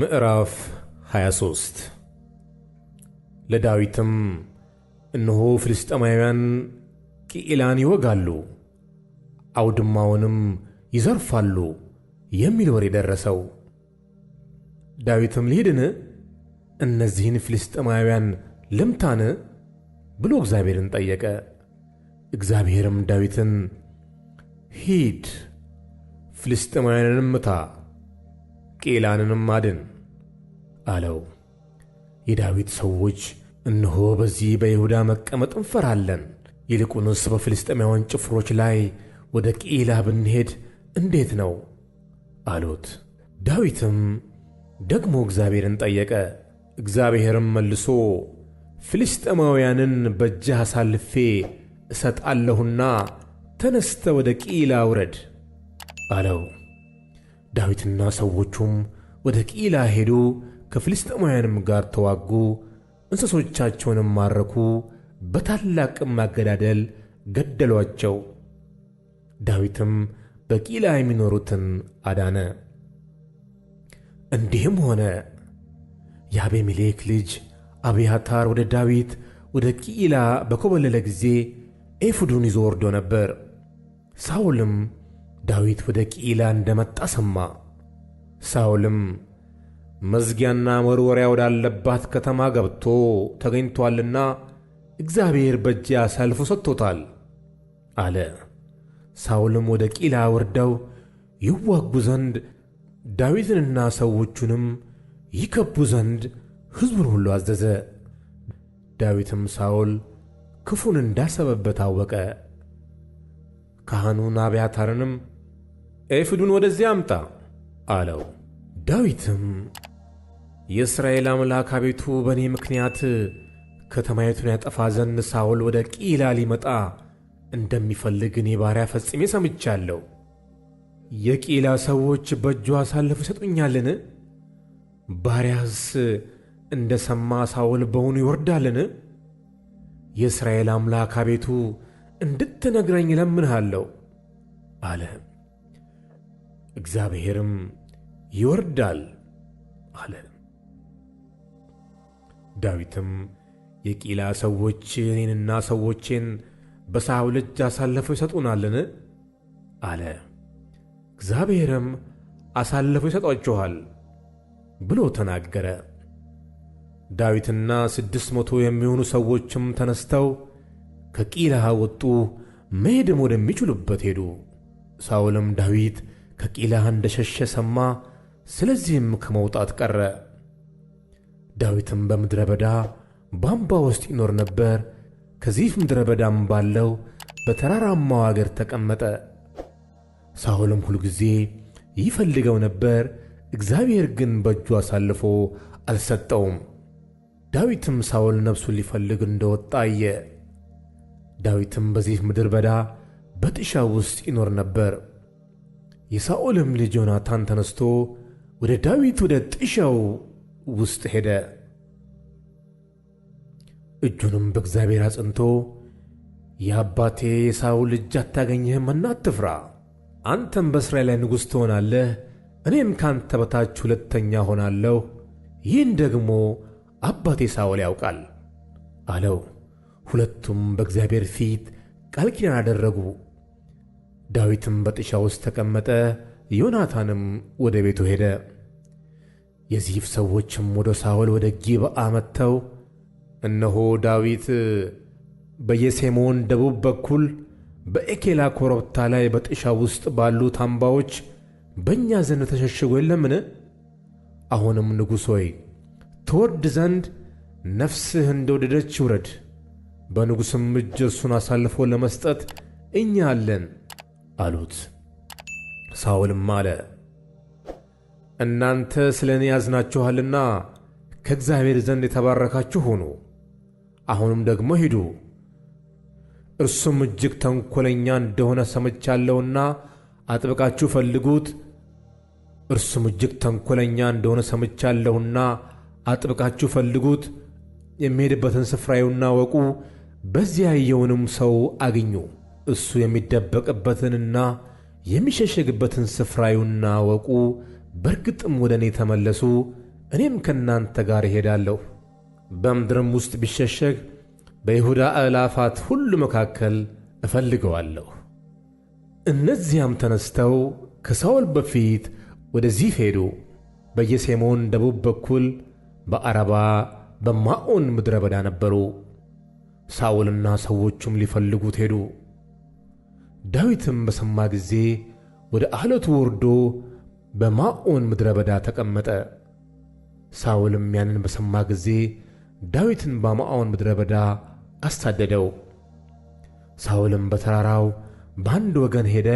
ምዕራፍ 23 ለዳዊትም እነሆ ፍልስጥኤማውያን ቅዒላን ይወጋሉ፣ አውድማውንም ይዘርፋሉ የሚል ወሬ ደረሰው። ዳዊትም ልሂድን? እነዚህን ፍልስጥኤማውያን ልምታን? ብሎ እግዚአብሔርን ጠየቀ። እግዚአብሔርም ዳዊትን ሂድ፣ ፍልስጥኤማውያንንም ምታ፣ ቅዒላንንም አድን አለው። የዳዊት ሰዎች እነሆ በዚህ በይሁዳ መቀመጥ እንፈራለን፣ ይልቁንስ በፍልስጥኤማውያን ጭፍሮች ላይ ወደ ቅዒላ ብንሄድ እንዴት ነው አሉት። ዳዊትም ደግሞ እግዚአብሔርን ጠየቀ። እግዚአብሔርም መልሶ ፍልስጥኤማውያንን በእጅህ አሳልፌ እሰጣለሁና ተነስተ ወደ ቅዒላ ውረድ አለው። ዳዊትና ሰዎቹም ወደ ቅዒላ ሄዱ። ከፍልስጥኤማውያንም ጋር ተዋጉ፣ እንስሶቻቸውንም ማረኩ፣ በታላቅም ማገዳደል ገደሏቸው። ዳዊትም በቂላ የሚኖሩትን አዳነ። እንዲህም ሆነ የአቤሜሌክ ልጅ አብያታር ወደ ዳዊት ወደ ቂላ በኮበለለ ጊዜ ኤፉዱን ይዞ ወርዶ ነበር። ሳውልም ዳዊት ወደ ቂላ እንደመጣ ሰማ። ሳውልም መዝጊያና መወርወሪያ ወዳለባት ከተማ ገብቶ ተገኝቶአልና እግዚአብሔር በእጅ አሳልፎ ሰጥቶታል አለ። ሳውልም ወደ ቂላ ወርደው ይዋጉ ዘንድ ዳዊትንና ሰዎቹንም ይከቡ ዘንድ ሕዝቡን ሁሉ አዘዘ። ዳዊትም ሳውል ክፉን እንዳሰበበት አወቀ። ካህኑን አብያታርንም ኤፍዱን ወደዚያ አምጣ አለው። ዳዊትም የእስራኤል አምላክ አቤቱ በእኔ ምክንያት ከተማይቱን ያጠፋ ዘንድ ሳውል ወደ ቂላ ሊመጣ እንደሚፈልግ እኔ ባሪያ ፈጽሜ ሰምቻለሁ። የቂላ ሰዎች በእጁ አሳልፈው ይሰጡኛልን? ባሪያስ እንደ ሰማ ሳውል በውኑ ይወርዳልን? የእስራኤል አምላክ አቤቱ እንድትነግረኝ እለምንሃለሁ አለ። እግዚአብሔርም ይወርዳል አለን። ዳዊትም የቂላ ሰዎች እኔንና ሰዎቼን በሳውል እጅ አሳልፈው ይሰጡናልን? አለ። እግዚአብሔርም አሳልፈው ይሰጧችኋል ብሎ ተናገረ። ዳዊትና ስድስት መቶ የሚሆኑ ሰዎችም ተነስተው ከቂላ ወጡ፣ መሄድም ወደሚችሉበት ሄዱ። ሳውልም ዳዊት ከቂላ እንደሸሸ ሰማ። ስለዚህም ከመውጣት ቀረ። ዳዊትም በምድረ በዳ ባምባ ውስጥ ይኖር ነበር። ከዚፍ ምድረ በዳም ባለው በተራራማው አገር ተቀመጠ። ሳኦልም ሁልጊዜ ይፈልገው ነበር፣ እግዚአብሔር ግን በእጁ አሳልፎ አልሰጠውም። ዳዊትም ሳኦል ነፍሱን ሊፈልግ እንደወጣ አየ። ዳዊትም በዚፍ ምድረ በዳ በጥሻ ውስጥ ይኖር ነበር። የሳኦልም ልጅ ዮናታን ተነስቶ ወደ ዳዊት ወደ ጥሻው ውስጥ ሄደ። እጁንም በእግዚአብሔር አጽንቶ የአባቴ የሳውል እጅ አታገኝህምና አትፍራ፣ አንተም በእስራኤል ላይ ንጉሥ ትሆናለህ፣ እኔም ካንተ በታች ሁለተኛ ሆናለሁ፣ ይህን ደግሞ አባቴ ሳውል ያውቃል አለው። ሁለቱም በእግዚአብሔር ፊት ቃል ኪዳን አደረጉ። ዳዊትም በጥሻ ውስጥ ተቀመጠ፣ ዮናታንም ወደ ቤቱ ሄደ። የዚፍ ሰዎችም ወደ ሳኦል ወደ ጊብዓ መጥተው እነሆ ዳዊት በየሴሞን ደቡብ በኩል በኤኬላ ኮረብታ ላይ በጥሻ ውስጥ ባሉ ታምባዎች በእኛ ዘንድ ተሸሽጎ የለምን? አሁንም ንጉሥ ሆይ ትወድ ዘንድ ነፍስህ እንደወደደች ውረድ፣ በንጉሥም እጅ እርሱን አሳልፎ ለመስጠት እኛ አለን አሉት። ሳኦልም አለ እናንተ ስለ እኔ ያዝናችኋልና ከእግዚአብሔር ዘንድ የተባረካችሁ ሁኑ። አሁንም ደግሞ ሂዱ፣ እርሱም እጅግ ተንኰለኛ እንደሆነ ሰምቻለሁና አጥብቃችሁ ፈልጉት። እርሱም እጅግ ተንኰለኛ እንደሆነ ሰምቻለሁና አጥብቃችሁ ፈልጉት። የሚሄድበትን ስፍራ ወቁ እወቁ። በዚያ ያየውንም ሰው አግኙ። እሱ የሚደበቅበትንና የሚሸሸግበትን ስፍራ ወቁ በእርግጥም ወደ እኔ ተመለሱ፣ እኔም ከእናንተ ጋር እሄዳለሁ። በምድርም ውስጥ ቢሸሸግ በይሁዳ አእላፋት ሁሉ መካከል እፈልገዋለሁ። እነዚያም ተነስተው ከሳውል በፊት ወደዚህ ሄዱ። በየሴሞን ደቡብ በኩል በአረባ በማዖን ምድረ በዳ ነበሩ። ሳውልና ሰዎቹም ሊፈልጉት ሄዱ። ዳዊትም በሰማ ጊዜ ወደ አለቱ ወርዶ በማዖን ምድረ በዳ ተቀመጠ። ሳውልም ያንን በሰማ ጊዜ ዳዊትን በማዖን ምድረ በዳ አሳደደው። ሳውልም በተራራው በአንድ ወገን ሄደ፣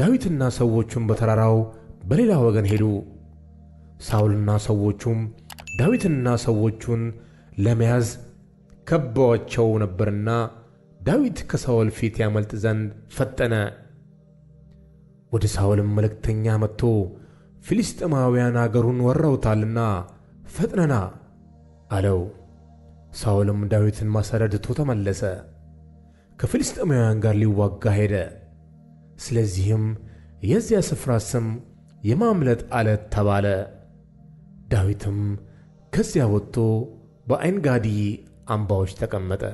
ዳዊትና ሰዎቹም በተራራው በሌላ ወገን ሄዱ። ሳውልና ሰዎቹም ዳዊትና ሰዎቹን ለመያዝ ከበዋቸው ነበርና ዳዊት ከሳውል ፊት ያመልጥ ዘንድ ፈጠነ። ወደ ሳውልም መልእክተኛ መጥቶ ፊልስጤማውያን አገሩን ወረውታልና ፈጥነና አለው። ሳውልም ዳዊትን ማሳደድ ተመለሰ፣ ከፊልስጤማውያን ጋር ሊዋጋ ሄደ። ስለዚህም የዚያ ስፍራ ስም የማምለጥ ዓለት ተባለ። ዳዊትም ከዚያ ወጥቶ በዓይንጋዲ አምባዎች ተቀመጠ።